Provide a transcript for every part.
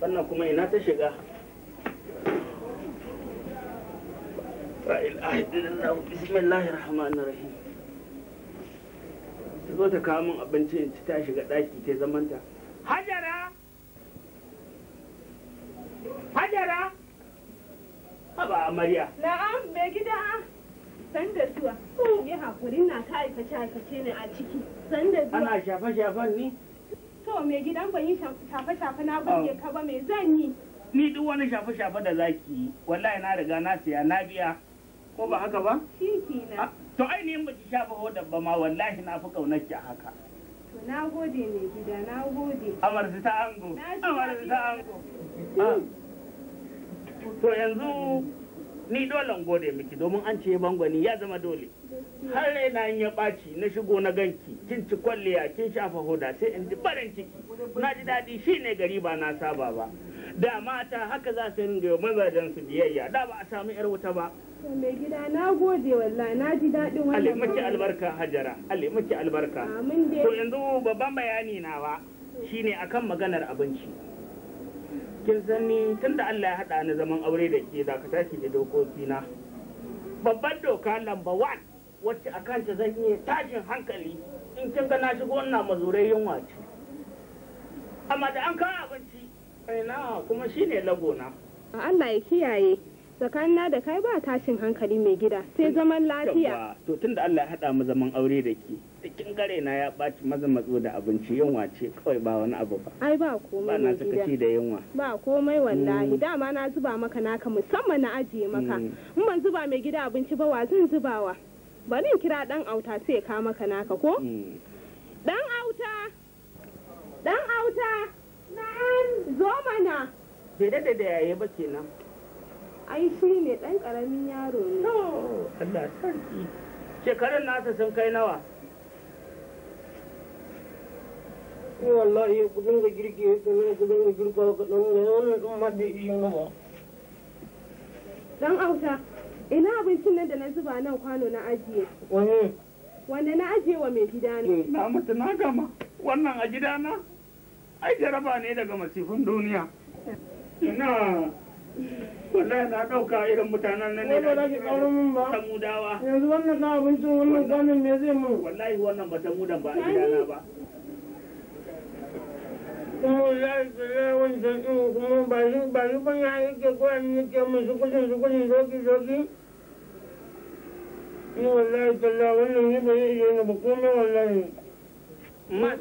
wannan kuma ina ta shiga bismillahir rahmanir rahim ta zo ta kawo min abinci in ci ta shiga daki ta zamanta hajara hajara haba amarya na'am bai gida san da zuwa yi hakuri na ka aikace aikace ne a ciki san da zuwa ana shafe-shafen ni wa mai gidan ban yi shafe-shafe na oh. burge ka ba mai zan yi. Ni duk wani shafe-shafe da zaki yi, wallahi na riga na siya na biya. Ko ba haka ba? Shi kina. To ainihin ba ki shafa hodar ba ma wallahi na fi kaunar ki haka. To na gode mai gida, na gode. Amarsu ta ango. Amarsu ta ango. Ah. To yanzu ni dole gode miki domin an ce bangwani ya zama dole. Har na in ya ɓaci na shigo na ganki. kin ci kwalliya kin shafa hoda sai in ji farin ciki na ji daɗi shi ne gari ba na saba ba da mata haka za su ringa yi mazajen su biyayya da ba a samu yar wuta ba mai gida na gode wallahi na ji daɗin wannan ale miki albarka hajara ale miki albarka to yanzu babban bayani nawa shine akan maganar abinci kin san ni tunda Allah ya haɗa ni zaman aure da ke za ka tashi da dokoki na babban doka lamba 1 wacce akan ta zan iya tajin hankali in kin ga na shigo ina mazurai yunwa ce amma da an kawo abinci na kuma shine lagona a Allah ya kiyaye tsakanina da kai ba tashin hankali mai gida sai zaman lafiya to tun da Allah ya haɗa mu zaman aure da ke cikin gare na ya ɓaci maza matso da abinci yunwa ce kawai ba wani abu ba ai ba komai ba na sakaci da yunwa ba komai wallahi mm. dama na zuba maka naka musamman na ajiye maka mm. in ban zuba mai gida abinci ba wa zan zubawa bari in kira dan auta sai ya kama ka naka ko dan mm. auta dan auta na'am zo mana bai da da yaye ba kenan ai shi ne dan karamin yaro ne to Allah sarki shekarun nasa sun kai nawa ni eh, wallahi ku dinga girki ku dinga girka ku dinga wannan din ma bai yi ba dan auta na zuba nan kwano na ajiye wanda na ajiye wa mai gida ne na mutu na gama wannan a gida na ai jaraba ne daga masifin duniya ina wallahi na ɗauka irin mutanen nan ne da ke ƙaurin mun ba ta mudawa yanzu wannan na abincin wannan ganin me zai mun wallahi wannan ba ta mudan ba a gidana ba kuma wallahi tsirrai wancan kuma ba shi ba shi ban ya yake koya ne ke musu su su kudin zoki zoki ni wallahi talla wannan ne bai iya na ba komai wallahi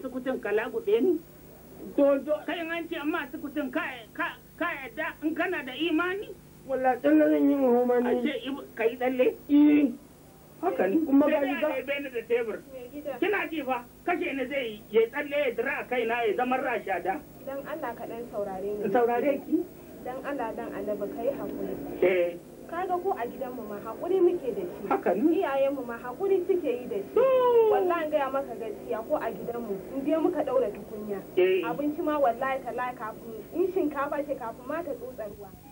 su kutun kala gube ni to to kai an ce su kutun ka ka yadda in kana da imani wallahi talla zan yi muhimman a ce kai dalle eh haka ne kuma ga ni ga bene da tebur kina ji fa kashe ne zai ya tsalle ya dira a na ya zama rasha da dan Allah ka dan saurare ni saurare ki dan Allah dan annabi kai hakuri eh kaga ko a gidanmu ma hakuri muke da shi haka ne iyayenmu ma hakuri suke yi da shi hmm. wallahi gaya maka gaskiya ko a gidanmu in dai muka daura tukunya eh. abinci ma wallahi tala kafin in shinkafa ce kafin ma ta tsotsar ruwa